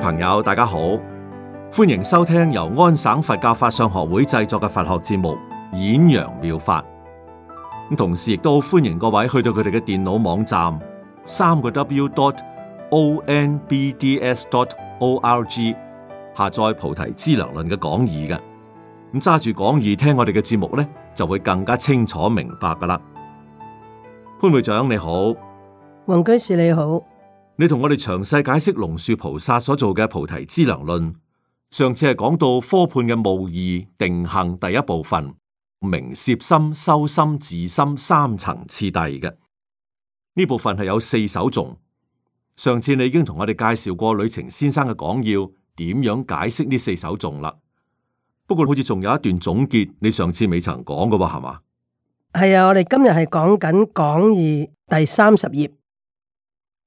朋友，大家好，歡迎收聽由安省佛教法相學會製作嘅佛學節目《演揚妙法》。咁同時亦都好歡迎各位去到佢哋嘅電腦網站三個 w.dot.o.n.b.d.s.dot.o.r.g 下載《菩提資糧論》嘅講義嘅。咁揸住講義聽我哋嘅節目咧，就會更加清楚明白㗎喇。潘會長你好，黃居士你好。你同我哋詳細解釋龍樹菩薩所做嘅《菩提資糧論》。上次係講到科判嘅無義定行第一部分，明攝心、修心、自心三層次第嘅呢部分係有四首頌。上次你已經同我哋介紹過呂澂先生嘅講要點樣解釋呢四首頌啦。不過好似仲有一段總結，你上次未曾講嘅話係嘛？係啊，我哋今日係講緊講義第三十頁。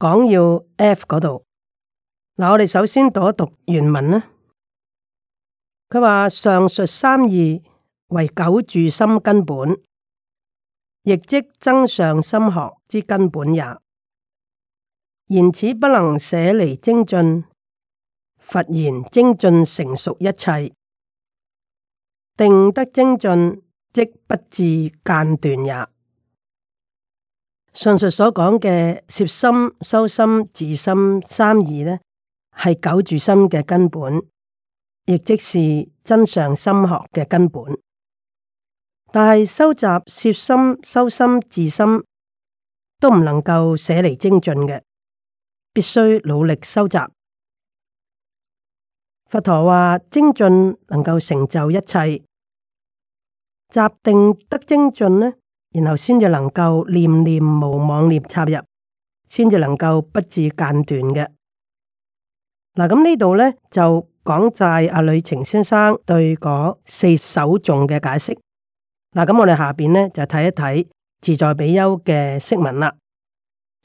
講要 F 嗰度，嗱，我哋首先讀一讀原文啦。佢話上述三義為九住心根本，亦即增上心學之根本也。言此不能捨離精進，佛言精進成熟一切，定得精進，即不至間斷也。上述所講嘅攝心、修心、自心三義呢係久住心嘅根本，亦即是真相心學嘅根本。但係修習「攝心、修心、自心都唔能夠捨離精進嘅，必須努力修習。佛陀話：精進能夠成就一切，集定得精進呢。」然後先至能夠念念無妄念插入，先至能夠不致間斷嘅。嗱、啊、咁呢度咧就講晒阿呂澂先生對嗰四首頌嘅解釋。嗱、啊、咁我哋下邊咧就睇一睇自在比丘嘅釋文啦。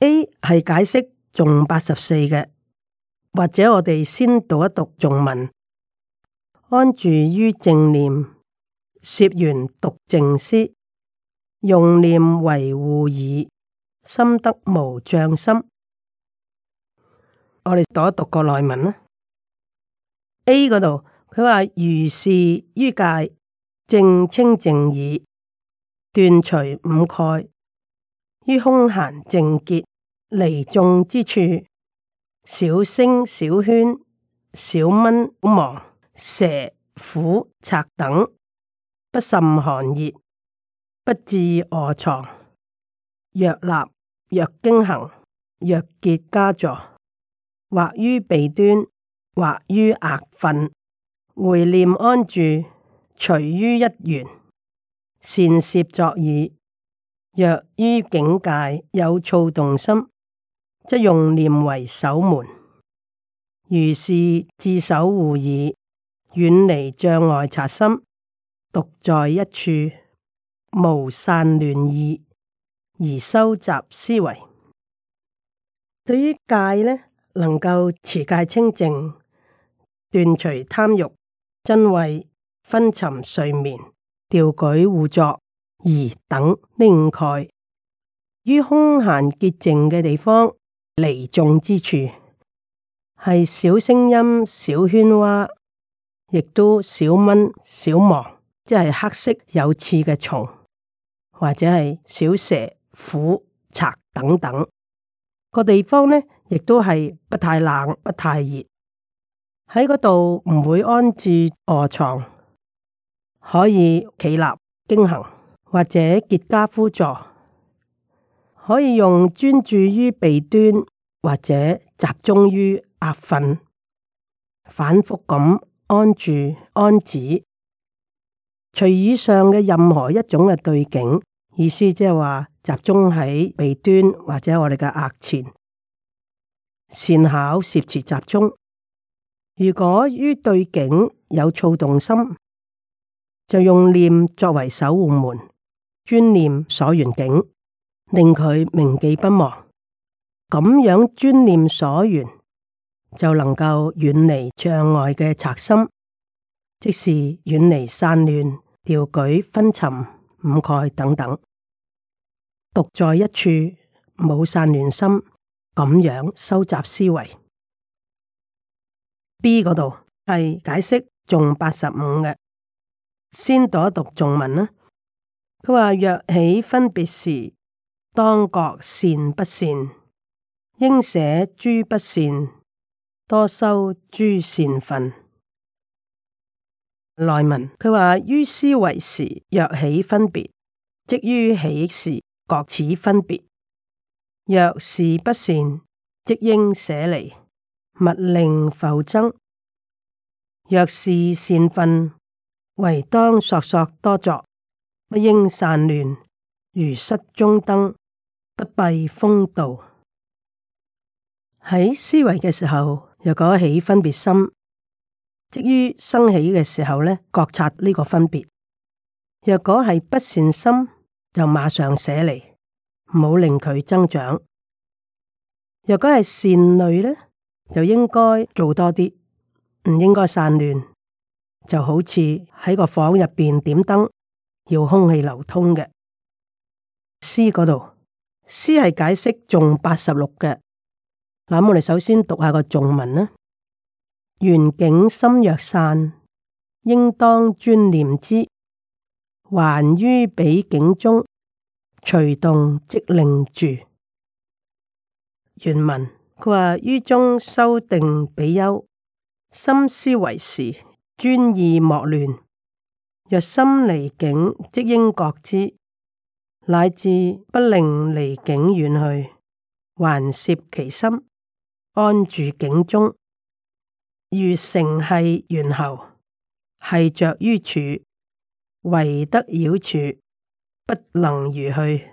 A 係解釋頌八十四嘅，或者我哋先讀一讀頌文。安住於正念，涉緣讀正思。用念維護耳，心得無障心。我哋讀一讀個內文啦。A 嗰度佢話，如是於戒正清淨耳，斷除五蓋於空閒淨潔離眾之處，小聲小圈，小蚊忙蛇虎賊等不甚寒熱。不至臥床，若立若經行，若結跏坐，或於鼻端，或於額分，回念安住，隨於一緣，善攝作意。若於境界有躁動心，則用念為守門，如是自守護已，遠離障礙，察心獨在一處。無散亂意而收集思維，對於戒呢，能夠持戒清淨，斷除貪欲、嗔恚、昏沉、睡眠、調舉、互作而等呢五蓋，於空閒潔淨嘅地方，離眾之處，係小聲音小、小喧嘩，亦都小蚊、小忙，即係黑色有刺嘅蟲。或者係小蛇、虎、賊等等個地方呢，亦都係不太冷、不太熱，喺嗰度唔會安置臥床，可以企立經行，或者結跏趺坐，可以用專注於鼻端，或者集中於壓瞓，反覆咁安住安止。隨以上嘅任何一種嘅對境。意思即係話集中喺鼻端或者我哋嘅額前、善巧舌前集中。如果於對境有躁動心，就用念作為守護門，專念所緣境，令佢銘記不忘。咁樣專念所緣，就能夠遠離障礙嘅賊心，即是遠離散亂、調舉、分尋、五蓋等等。獨在一處，冇散亂心，咁樣收集思維。B 嗰度係解釋仲八十五嘅，先讀一讀仲文啦。佢話若起分別時，當覺善不善，應捨諸不善，多修諸善分。內文佢話於思維時，若起分別，即於起時。覺此分別，若是不善，即應捨離，勿令浮增；若是善分，唯當索索多作，不應散亂，如失中燈，不閉風度。喺思維嘅時候，若果起分別心，即於生起嘅時候咧，覺察呢個分別。若果係不善心。就馬上捨離，唔好令佢增長。若果係善類咧，就應該做多啲，唔應該散亂。就好似喺個房入邊點燈，要空氣流通嘅。詩嗰度，詩係解釋眾八十六嘅。嗱，咁我哋首先讀下個眾文啦。緣景心若散，應當專念之。還於彼境中，隨動即令住。原文佢話：於中修定比丘，心思惟時，專意莫亂。若心離境，即應覺知，乃至不令離境遠去，還攝其心，安住境中，如繩繫猿猴，繫着於處。惟得擾處不能如去，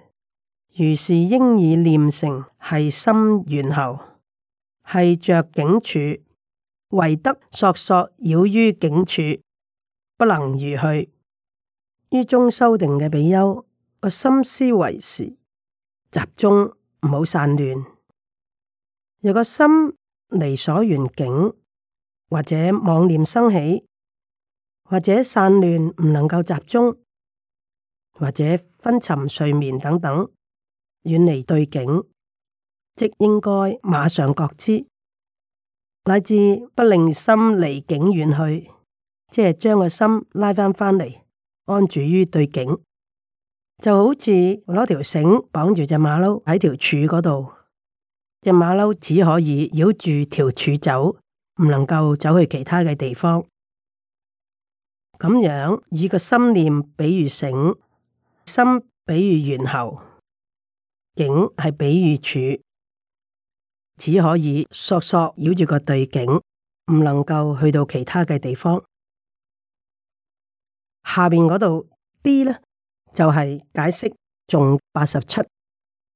如是應以念成繫心緣後繫着境處，惟得索索擾於境處不能如去。於中修定嘅比丘個心思維持集中，唔好散亂。若個心離所緣境或者妄念生起。或者散亂唔能夠集中，或者昏沉睡眠等等，遠離對境，即應該馬上覺知，乃至不令心離境遠去，即係將個心拉返返嚟，安住於對境，就好似攞條繩綁住隻馬騮喺條柱嗰度，隻馬騮只可以繞住條柱走，唔能夠走去其他嘅地方。咁樣以個心念，比喻繩；心，比喻猿猴；境係比喻柱，只可以索索繞住個對境，唔能夠去到其他嘅地方。下面嗰度 D 呢，就係、是、解釋頌，八十七。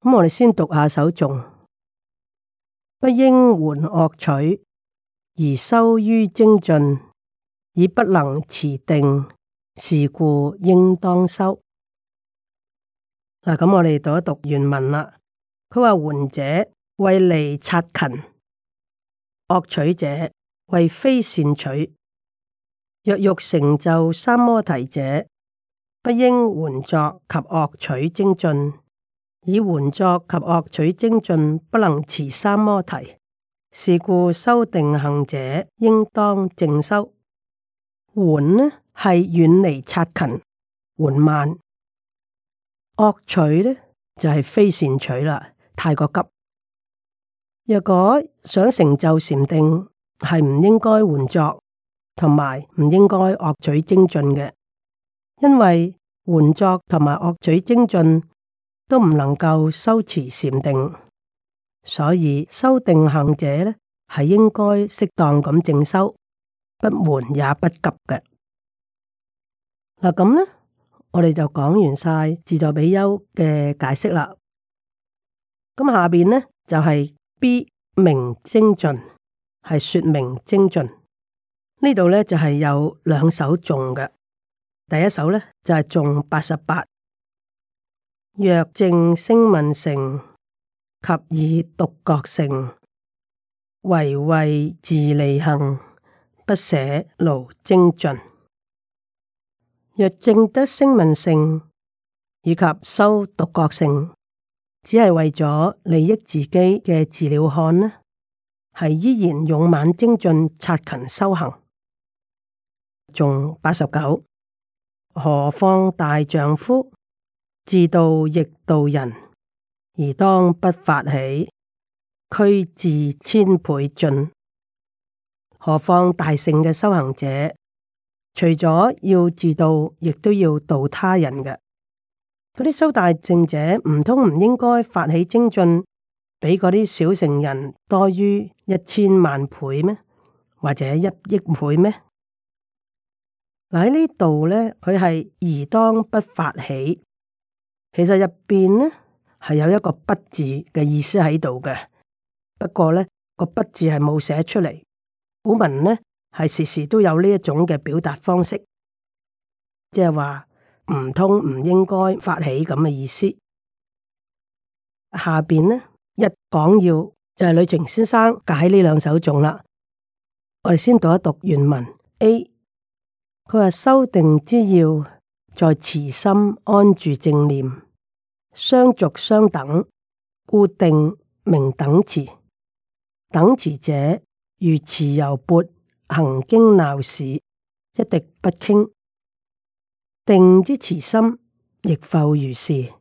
咁我哋先讀下首頌，不應緩惡取，而修於精進。以不能持定，是故應當修。嗱，咁我哋讀一讀原文啦。佢話：緩者為離察勤，惡取者為非善取。若欲成就三摩提者，不應緩作及惡取精進。以緩作及惡取精進不能持三摩提，是故修定行者應當淨修。緩呢係遠離察勤，緩慢；惡取呢就係、是、非善取啦，太過急。若果想成就禪定，係唔應該緩作，同埋唔應該惡取精進嘅，因為緩作同埋惡取精進都唔能夠修持禪定，所以修定行者呢係應該適當咁正修。不緩也不急嘅嗱，咁、啊、咧我哋就講完晒自助比丘嘅解釋啦。咁、啊、下邊咧就係 B 明精進，係說明精進呢度咧就係、是、有兩首頌嘅，第一首咧就係頌八十八，若正聲聞乘及以獨覺乘唯為自利行。不捨勞精進，若證得聲聞性以及修獨覺性，只係為咗利益自己嘅資糧看呢，係依然勇猛精進擦勤修行。仲八十九，何況大丈夫，自度亦度人，而當不發起，驅自千倍盡。何況大聖嘅修行者，除咗要自度，亦都要度他人嘅。嗰啲修大聖者，唔通唔應該發起精進，比嗰啲小聖人多於一千萬倍咩？或者一億倍咩？嗱，喺呢度咧，佢係宜當不發起。其實入邊咧係有一個不字嘅意思喺度嘅，不過咧，個不字係冇寫出嚟。古文呢係時時都有呢一種嘅表達方式，即係話唔通唔應該發起咁嘅意思。下邊呢一講要就係呂澄先生解呢兩首誦啦。我哋先讀一讀原文 A，佢話修定之要在持心安住正念，相續相等，故定名等持。等持者。如持油缽行經鬧市，一滴不傾；定之持心亦復如是，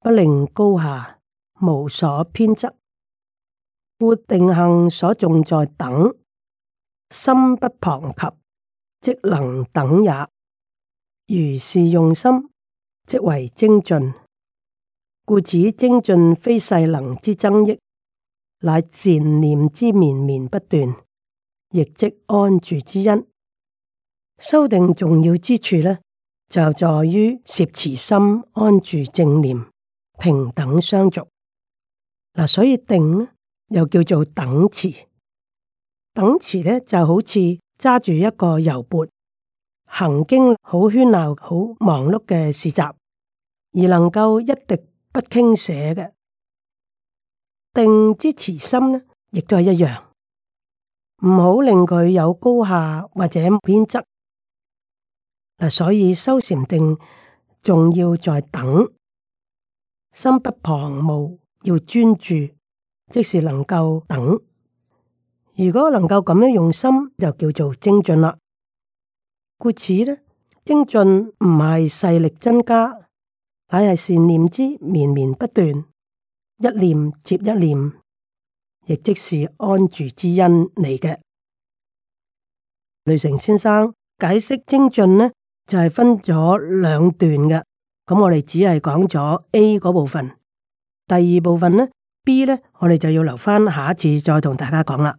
不令高下，無所偏執。故定行所重在等，心不旁及，即能等也。如是用心，即為精進。故此精進非世能之增益。乃善念之綿綿不斷，亦即安住之因。修定重要之處呢，就在於攝持心安住正念，平等相續。嗱、啊，所以定呢又叫做等持，等持呢，就好似揸住一個油缽，行經好喧鬧、好忙碌嘅市集，而能夠一滴不傾瀉嘅。定支持心呢，亦都係一樣，唔好令佢有高下或者偏執。嗱，所以修禪定仲要在等，心不旁騖，要專注，即是能夠等。如果能夠咁樣用心，就叫做精進啦。故此呢，精進唔係勢力增加，乃係善念之綿綿不斷。一念接一念，亦即是安住之因嚟嘅。雷成先生解釋精進呢，就係、是、分咗兩段嘅。咁我哋只係講咗 A 嗰部分，第二部分呢 B 呢，我哋就要留返下次再同大家講啦。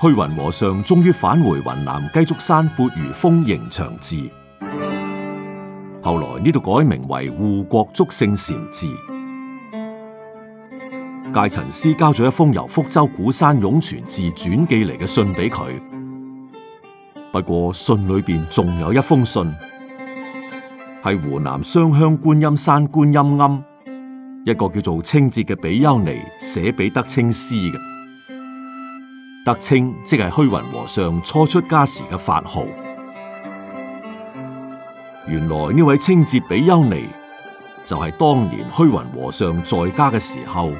虛雲和尚終於返回雲南雞足山鉢盂峰迎祥寺。後來呢度改名為護國祝聖禪寺。戒塵師交咗一封由福州鼓山湧泉寺轉寄嚟嘅信俾佢，不過信裏邊仲有一封信，係湖南雙鄉觀音山觀音庵一個叫做清節嘅比丘尼寫俾德清師嘅。德清即係虛雲和尚初出家時嘅法號。原來呢位清節比丘尼就係、是、當年虛雲和尚在家嘅時候，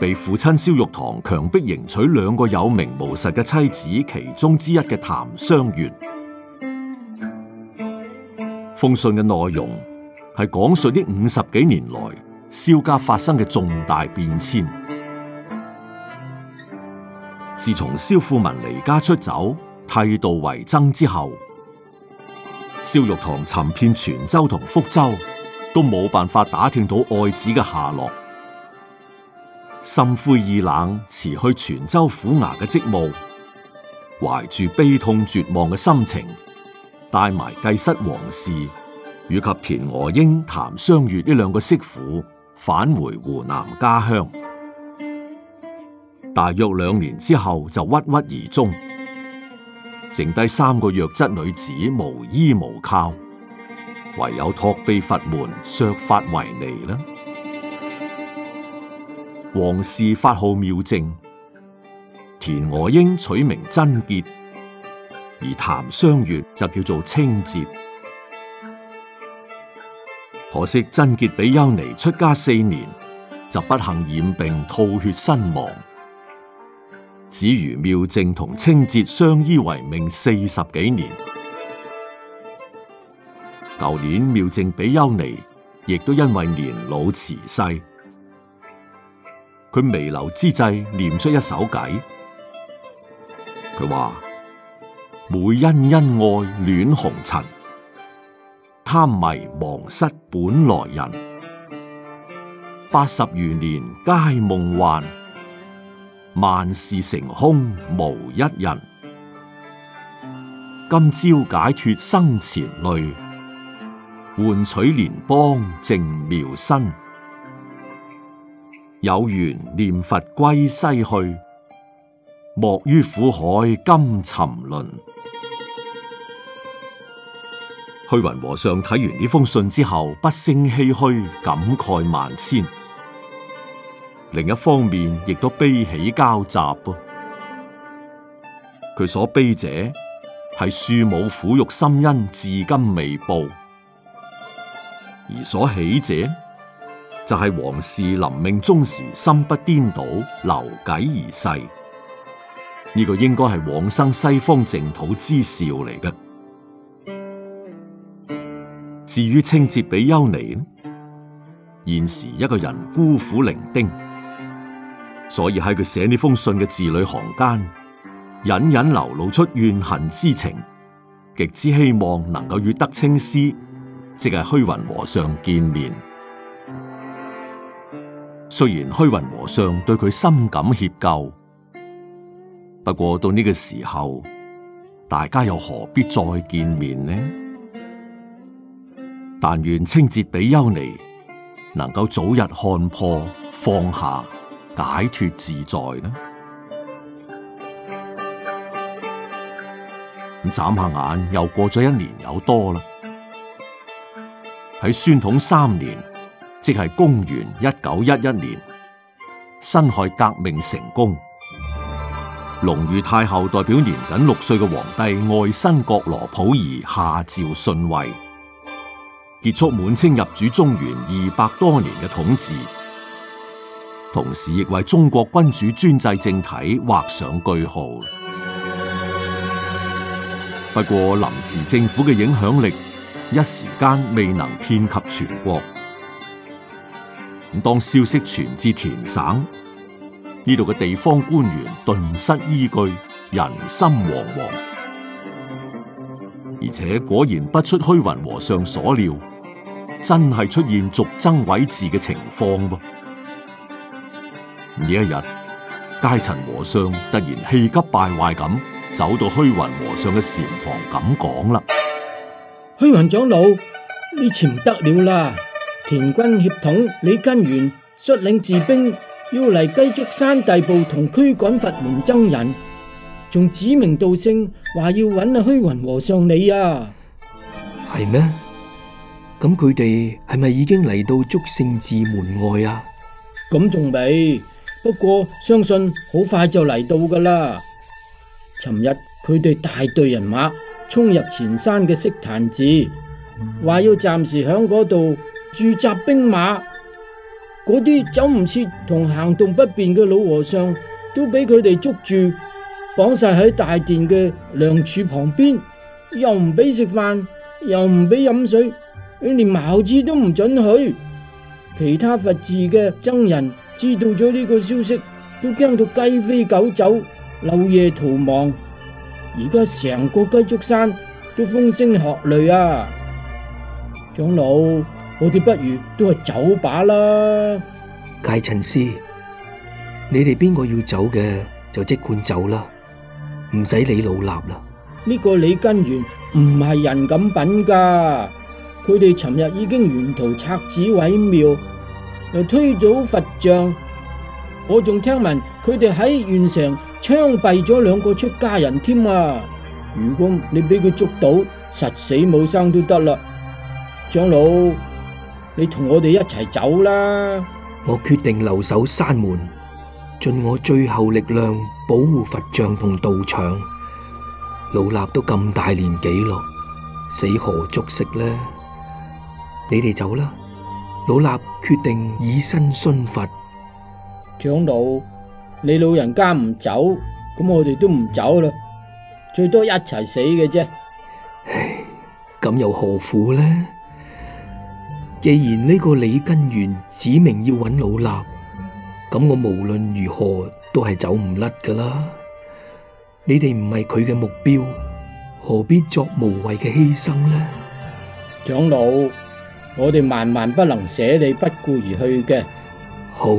被父親蕭玉堂強迫迎娶兩個有名無實嘅妻子其中之一嘅譚商元。封信嘅內容係講述呢五十幾年來蕭家發生嘅重大變遷。自從蕭富民離家出走、剃度為僧之後，蕭玉堂尋遍泉州同福州，都冇辦法打聽到愛子嘅下落，心灰意冷，辭去泉州府衙嘅職務，懷住悲痛絕望嘅心情，帶埋繼室黃氏以及田娥英、譚湘月呢兩個媳婦，返回湖南家鄉。大約兩年之後就鬱鬱而終，剩低三個弱質女子無依無靠，唯有託庇佛門削髮為尼啦。王氏法號妙正，田娥英取名真潔，而譚湘月就叫做清節。可惜真潔比丘尼出家四年，就不幸染病吐血身亡。子瑜妙正同清節相依為命四十幾年，舊年妙正比丘尼亦都因為年老辭世，佢彌留之際念出一首偈，佢話：每因恩，恩愛戀紅塵，貪迷忘失本來人，八十餘年皆夢幻。萬事成空無一人，今朝解脱生前累，換取蓮邦淨苗身。有緣念佛歸西去，莫於苦海甘沉淪。虛雲和尚睇完呢封信之後，不勝唏噓，感慨萬千。另一方面，亦都悲喜交集、哦。噃。佢所悲者係庶母苦育深恩，至今未報；而所喜者就係、是、王氏臨命終時心不顛倒，留偈而逝。呢、這個應該係往生西方淨土之兆嚟嘅。至於清節比丘尼，現時一個人孤苦伶仃。所以喺佢寫呢封信嘅字裏行間，隱隱流露出怨恨之情，極之希望能夠與德清師，即係虛雲和尚見面。雖然虛雲和尚對佢深感歉疚，不過到呢個時候，大家又何必再見面呢？但願清節比丘尼能夠早日看破放下。解脫自在呢？咁眨下眼又過咗一年有多啦。喺宣統三年，即係公元一九一一年，辛亥革命成功，隆裕太后代表年僅六歲嘅皇帝愛新覺羅溥儀下詔遜位，結束滿清入主中原二百多年嘅統治。同時，亦為中國君主專制政體畫上句號。不過，臨時政府嘅影響力一時間未能遍及全國。當消息傳至田省呢度嘅地方官員，頓失依據，人心惶惶。而且，果然不出虛雲和尚所料，真係出現逐增位置嘅情況噃。呢一日，戒塵和尚突然氣急敗壞咁走到虛雲和尚嘅禪房，咁講啦：虛雲長老，呢次唔得了啦！田軍協統李根源率領士兵要嚟雞足山逮捕同驅趕佛門僧人，仲指名道姓話要搵虛雲和尚你啊！係咩？咁佢哋係咪已經嚟到竹聖寺門外啊？咁仲未？不過相信好快就嚟到噶啦！尋日佢哋大隊人馬衝入前山嘅色壇寺，話要暫時響嗰度駐紮兵馬。嗰啲走唔切同行動不便嘅老和尚都俾佢哋捉住，綁晒喺大殿嘅梁柱旁邊，又唔俾食飯，又唔俾飲水，連茅廁都唔准去。其他佛寺嘅僧人。知道咗呢個消息，都驚到雞飛狗走，漏夜逃亡。而家成個雞足山都風聲鶴唳啊！長老，我哋不如都係走吧啦。戒塵師，你哋邊個要走嘅就即管走啦，唔使理老衲啦。呢個李根源唔係人咁品噶，佢哋尋日已經沿途拆寺毀廟。又推倒佛像，我仲聽聞佢哋喺縣城槍斃咗兩個出家人添啊！如果你俾佢捉到，實死冇生都得啦。長老，你同我哋一齊走啦。我決定留守山門，盡我最後力量保護佛像同道場。老衲都咁大年紀咯，死何足惜呢？你哋走啦。老衲決定以身殉佛。長老，你老人家唔走，咁我哋都唔走啦，最多一齊死嘅啫。唉，咁又何苦呢？既然呢個李根源指明要揾老衲，咁我無論如何都係走唔甩噶啦。你哋唔係佢嘅目標，何必作無謂嘅犧牲呢？長老。我哋萬萬不能捨你不顧而去嘅。好，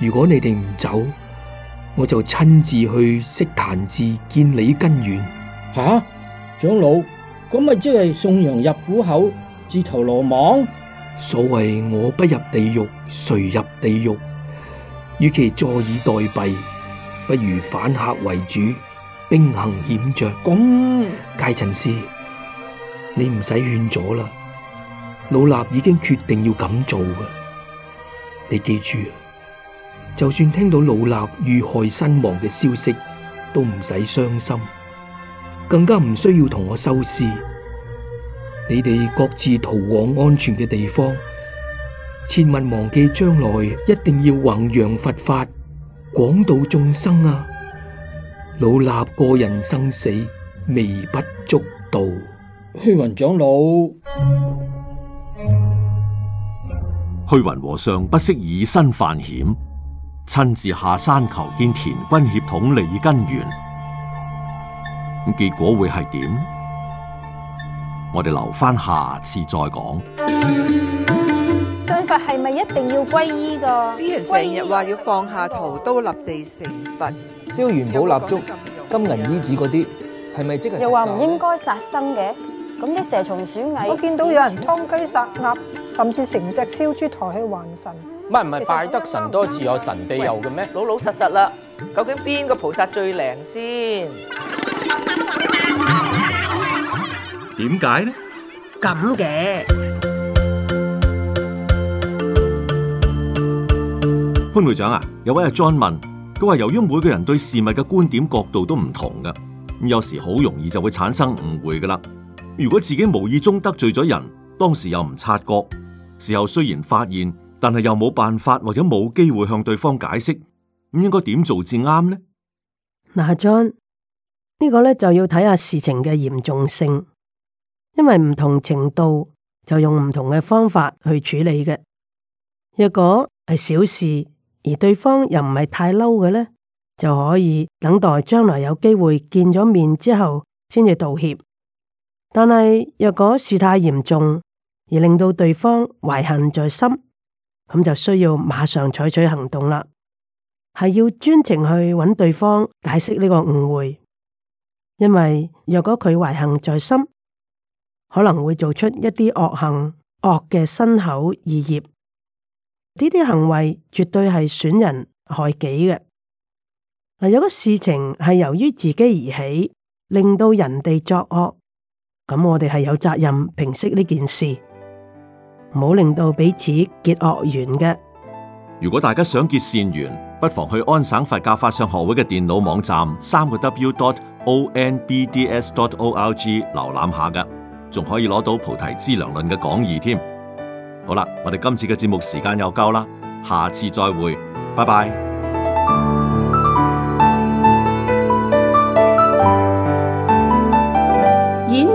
如果你哋唔走，我就親自去悉檀寺見李根源。吓，長老，啊，咁咪即係送羊入虎口，自投羅網。所謂我不入地獄，誰入地獄？與其坐以待斃，不如反客為主，兵行險着。咁公，戒塵師，你唔使勸阻啦。老衲已經決定要咁做嘅，你記住，就算聽到老衲遇害身亡嘅消息，都唔使傷心，更加唔需要同我收屍。你哋各自逃往安全嘅地方，切勿忘記將來一定要弘揚佛法，廣度眾生啊！老衲個人生死微不足道，虛雲長老。虛雲和尚不惜以身犯險，親自下山求見田軍協統李根源。咁結果會係點？我哋留翻下，下次再講。信佛係咪一定要皈依噶？啲人成日話要放下屠刀立地成佛，燒元寶蠟燭、金銀衣紙嗰啲，係咪即係？又話唔應該殺生嘅。咁啲蛇蟲鼠蟻，我見到有人劏雞殺鴨，甚至成隻燒豬抬起還神。唔係唔係，拜得神多自有神庇佑嘅咩？老老實實啦，究竟邊個菩薩最靈先？點解呢？咁嘅潘會長啊，有位阿 John 問，佢話由於每個人對事物嘅觀點角度都唔同噶，咁有時好容易就會產生誤會噶啦。如果自己無意中得罪咗人，當時又唔察覺，事後雖然發現，但係又冇辦法或者冇機會向對方解釋，咁應該點做至啱呢？嗱，阿 John，呢個咧就要睇下事情嘅嚴重性，因為唔同程度就用唔同嘅方法去處理嘅。若果係小事，而對方又唔係太嬲嘅咧，就可以等待將來有機會見咗面之後先至道歉。但係，若果事態嚴重而令到對方懷恨在心，咁就需要馬上採取行動啦。係要專程去揾對方解釋呢個誤會，因為若果佢懷恨在心，可能會做出一啲惡行、惡嘅身口意業。呢啲行為絕對係損人害己嘅。嗱，有個事情係由於自己而起，令到人哋作惡。咁我哋係有責任平息呢件事，唔好令到彼此結惡緣嘅。如果大家想結善緣，不妨去安省佛教法相學會嘅電腦網站三個 w.dot.o.n.b.d.s.dot.o.r.g 瀏覽下嘅，仲可以攞到菩提資糧論嘅講義添。好啦，我哋今次嘅節目時間又夠啦，下次再會，拜拜。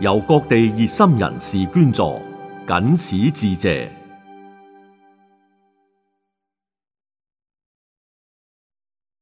由各地熱心人士捐助，謹此致謝。